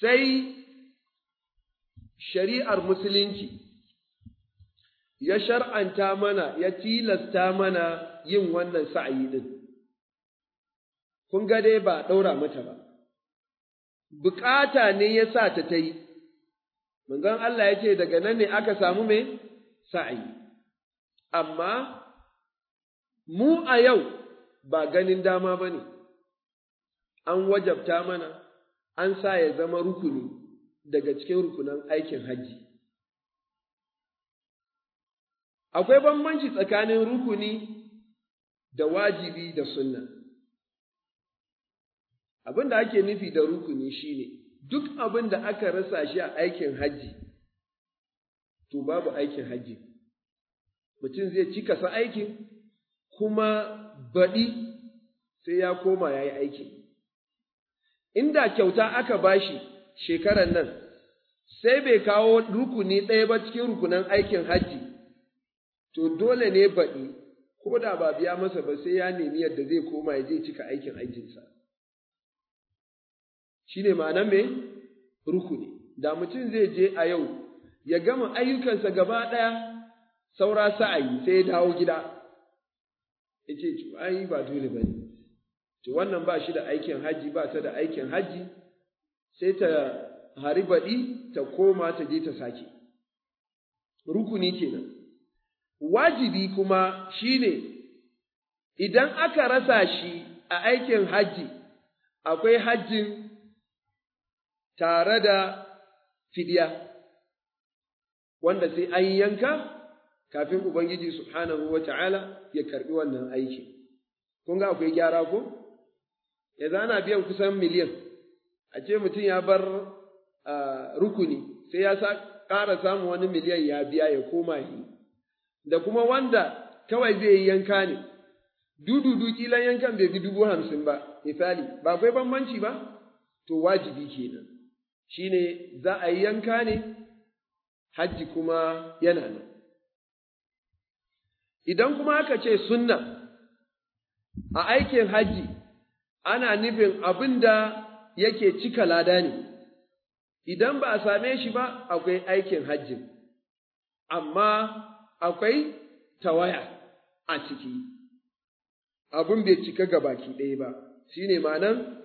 sai shari'ar musulunci ya shar'anta mana ya tilasta mana yin wannan sa'ayi din kun ga dai ba ɗaura mata ba bukata ne ya sa ta ta yi manzon Allah ya ce daga nan ne aka samu mai sa'ayi amma mu a yau ba ganin dama ba ne, an wajabta mana, an sa ya zama rukuni daga cikin rukunan aikin hajji. Akwai bambanci tsakanin rukuni da wajibi da sunna. Abin da ake nufi da rukuni shine duk abin da aka rasa shi a aikin hajji, to babu aikin hajji. Mutum zai cika sa aikin kuma baɗi sai ya koma ya yi aikin. inda kyauta aka bashi shekaran nan, sai bai kawo rukuni ɗaya ba cikin rukunan aikin hajji, to dole ne baɗi, ko da ba biya masa ba sai ya nemi yadda zai koma ya je cika aikin hajjinsa. Shi ne ma'ana me? Rukuni, da mutum zai je a yau, ya gama ayyukansa gaba ɗaya, saura sa'ayi sai ya dawo gida. Ya ce, ai ba dole ba ne. to wannan ba shi da aikin haji ba ta da aikin haji sai ta hari baɗi ta koma ta je ta sake rukuni kenan wajibi kuma shine idan aka rasa shi a aikin haji akwai hajjin tare da fidiya wanda sai an yanka kafin Ubangiji Subhanahu wa ta'ala ya karɓi wannan aiki. Kun ga akwai gyara ko? ya zana biyan kusan miliyan, a ce mutum ya bar rukuni sai ya ƙara samun wani miliyan ya biya ya koma yi, da kuma wanda kawai zai yi yanka ne, dududu kilan yankan bai bi dubu hamsin ba, misali, ba akwai bambanci ba, to wajibi kenan, shi ne za a yi yanka ne, hajji kuma yana nan. Idan kuma aka ce sunna a aikin hajji ana nufin abin da yake cika lada ne, idan ba a same shi ba akwai aikin hajji. amma akwai tawaya a ciki, abin bai cika ga baki ɗaya ba, shi ne ma'anan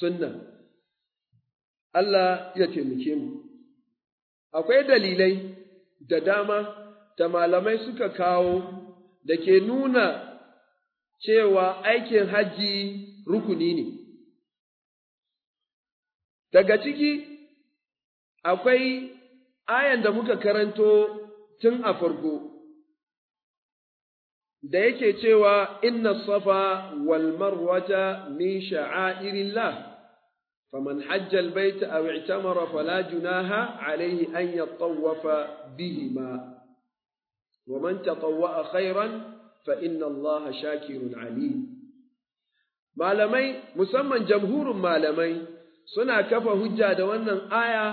sunna. Allah ya taimake mu. Akwai dalilai da dama da malamai suka kawo da ke nuna cewa aikin hajji rukuni ne. Daga ciki akwai ayan da muka karanto tun a farko, da yake cewa inna safa wal marwata min sha'airillah faman hajjal baita a i'tamara fala junaha alayhi an bihi bihima wa man a khairan fa inna Allah shakirun alim malamai musamman jamhurin malamai suna kafa hujja da wannan aya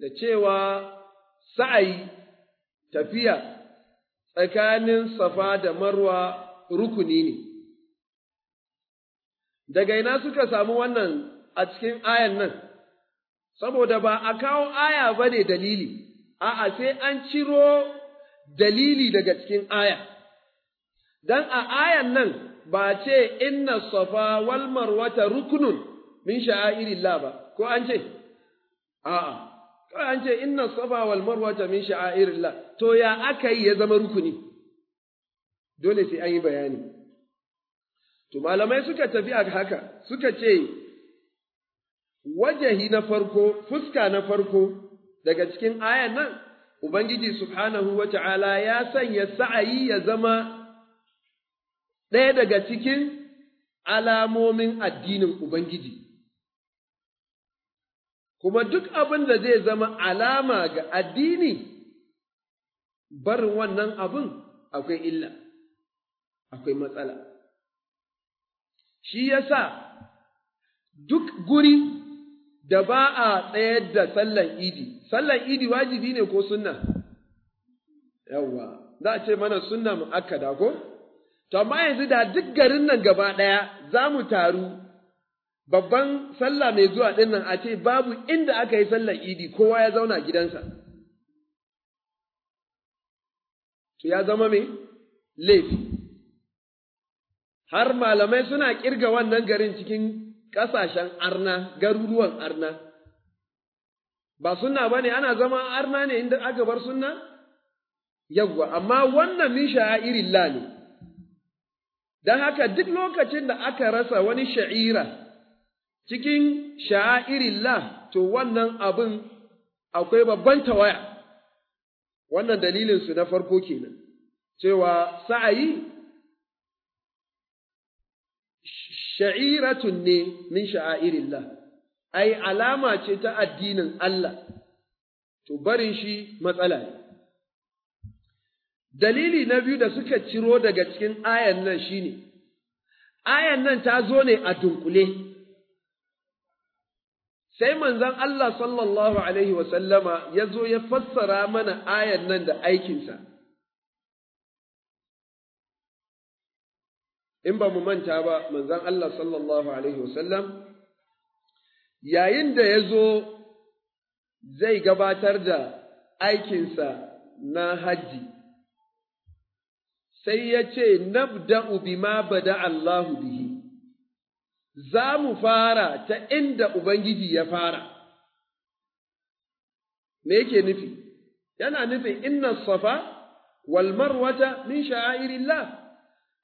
da cewa sa'ayi tafiya tsakanin safa da marwa rukuni ne. Daga ina suka samu wannan a cikin ayan nan, saboda ba a kawo aya ba ne dalili, a'a sai an ciro dalili daga cikin aya. Dan a ayan nan ba ce inna safa wal marwata ruknun min sha'airillah ba ko an ce a'a Ko an ce inna safa wal marwata min sha'airillah to ya aka yi ya zama rukuni dole sai an yi bayani to malamai suka tafi a haka suka ce wajahi na farko fuska na farko daga cikin ayan nan ubangiji subhanahu wata'ala ya sanya sa'ayi ya zama ɗaya daga cikin alamomin addinin Ubangiji. Kuma duk abin da zai zama alama ga addini, barin wannan abin akwai illa, akwai matsala. Shi yasa duk guri da ba a tsayar da sallan idi, sallan idi wajibi ne ko sunna? Yawwa, za a ce mana sunna mu mu'akkada ko? To, amma yanzu da duk garin nan gaba ɗaya za mu taru, babban sallah mai zuwa ɗin nan a ce babu inda aka yi sallar idi kowa ya zauna gidansa. To, ya zama mai Laifi. Har malamai suna ƙirga wannan garin cikin ƙasashen arna, garuruwan arna. Ba suna ba ne, ana zama arna ne inda aka bar suna? Yawwa, amma wannan min sha'irillah ne. Don haka duk lokacin da aka rasa wani sha'ira cikin sha'irillah to wannan abin akwai babban tawaya. Wannan dalilinsu na farko kenan, cewa sa'ayi sha'iratun ne min sha'irillah, ai alama ce ta addinin Allah, to barin shi matsala ne. Dalili na biyu da suka ciro daga cikin ayan nan shi ne, ayan nan ta zo ne a dunkule, sai manzon Allah sallallahu Alaihi wasallama ya zo ya fassara mana ayan nan da aikinsa. In ba mu manta ba, manzon Allah sallallahu Alaihi wasallam, yayin da ya zo zai gabatar da aikinsa na hajji. sai ya ce, Nabda'u bima bada Allahu bihi, za mu fara ta inda Ubangiji ya fara. Me yake nufi? Yana nufin inna safa wal marwata min sha'airillah.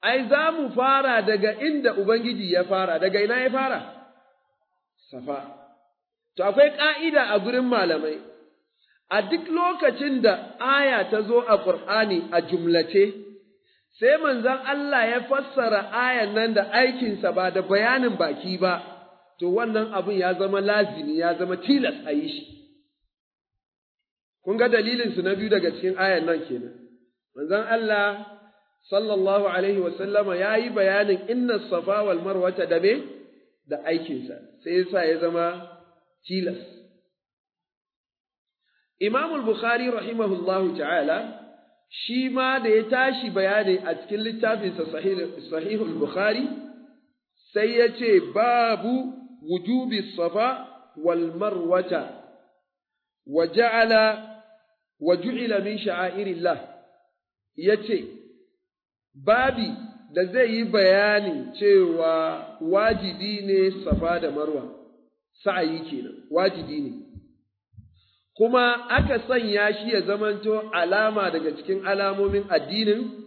Ai, za mu fara daga inda Ubangiji ya fara, daga ina ya fara? Safa. To, akwai ƙa'ida a gurin malamai, a duk lokacin da aya ta zo a Ƙur'ani a jumlace, sai manzon Allah ya fassara ayan nan da aikinsa ba da bayanin baki ba, to wannan abin ya zama lazimi ya zama tilas a yi shi. Kun ga dalilinsu na biyu daga cikin ayan nan kenan. Manzon Allah sallallahu Alaihi wasallama ya yi bayanin inna safa wal marwata da da aikinsa, sai yasa ya zama tilas. Imamul Bukhari rahimahullahu ta'ala shi ma da ya tashi bayani a cikin littafinsa sahihul Bukhari, sai ya ce babu wujubi safa wal marwata wa ja'ala wa ju'ila min sha'airillah ya ce babi da zai yi bayani cewa wajibi ne safa da marwa sa'ayi kenan wajibi ne kuma aka sanya shi ya zamanto alama daga cikin alamomin addinin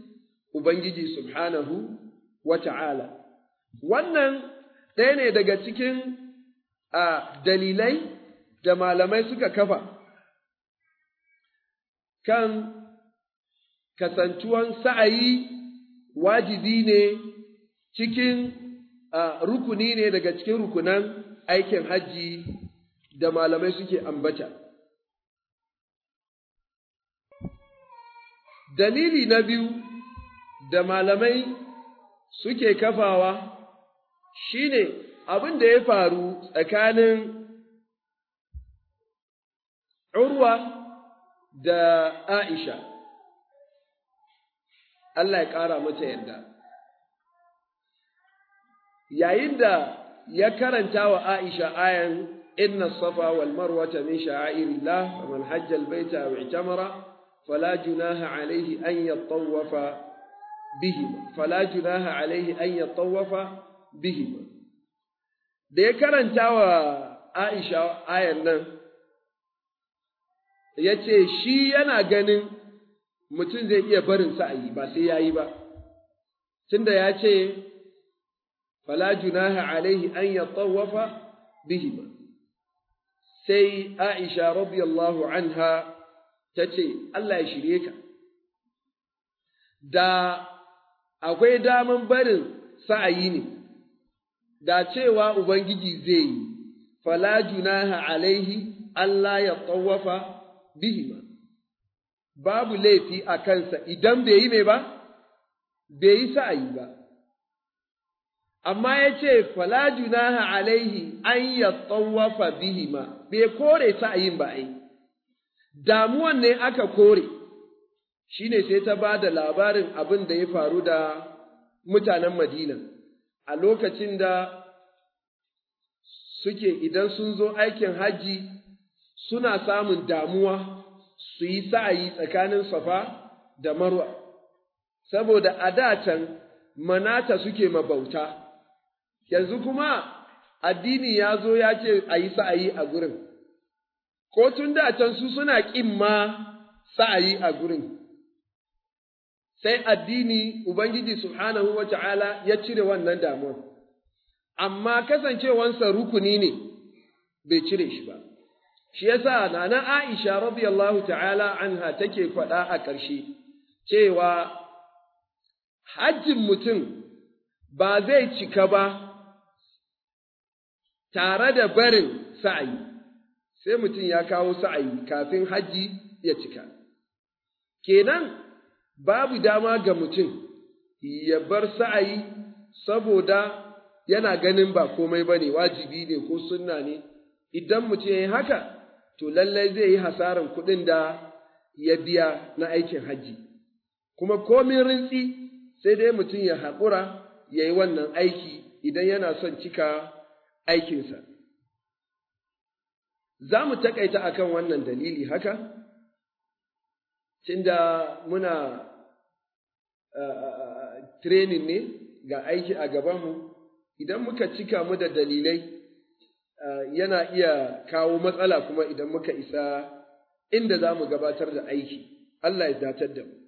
Ubangiji Subhanahu wa ta'ala. Wannan ɗaya ne daga cikin dalilai da malamai suka kafa kan kasantuwan sa'ayi wajibi ne cikin rukuni ne daga cikin rukunan aikin hajji da malamai suke ambata. Dalili na biyu da malamai suke kafawa shi ne abin da ya faru tsakanin Urwa da Aisha, Allah ya ƙara mata yarda. Yayin da ya karanta wa Aisha ayan inna safa wal marwata min sha'airillah wa man hajjal baita wa itamara فلا جناح عليه أن يطوف بهما فلا جناح عليه أن يطوف بهما da ya karanta wa Aisha ayan nan, ya ce shi yana ganin mutum zai iya barin sa'ayi ba sai ya yi ba, tunda ya ce, Fala junaha an ya tawafa bihi ba, sai Aisha radiyallahu anha ta ce Allah ya shirye ka da akwai daman barin sa'ayi ne da cewa ubangiji zai yi fala junaha alaihi Allah ya tsawafa bihima babu laifi a kansa idan bai yi mai ba bai yi sa'ayi ba amma ya ce fala junaha alaihi an ya tsawafa bihima bai kore sa'ayin ba ai damuwan ne aka kore, shi ne sai ta ba da labarin abin da ya faru da mutanen Madina, a lokacin da suke idan sun zo aikin hajji suna samun damuwa su yi sa'ayi tsakanin safa da marwa, saboda a can, manata suke mabauta, yanzu kuma addini ya zo ya ce a yi sa'ayi a gurin. ko tun da can su suna ƙin ma sa'ayi a gurin. Sai addini Ubangiji Subhanahu wa ta'ala ya cire wannan damuwa, amma kasancewansa rukuni ne bai cire shi ba. Shi yasa nana Aisha radiyallahu ta'ala anha take faɗa a ƙarshe cewa hajjin mutum ba zai cika ba tare da barin sa'ayi. sai mutum ya kawo sa'ayi kafin hajji ya cika. Kenan babu dama ga mutum ya bar sa'ayi saboda yana ganin ba komai ba ne, wajibi ne ko sunna ne, idan mutum ya yi haka, to lallai zai yi hasarar kuɗin da ya biya na aikin hajji. Kuma komin rintsi sai dai mutum ya haƙura ya yi wannan aiki idan yana son cika aikinsa. Za mu takaita a kan wannan dalili haka, tunda muna training ne ga aiki a gabanmu, idan muka cika mu da dalilai yana iya kawo matsala kuma idan muka isa inda za mu gabatar da aiki, Allah ya datar da mu.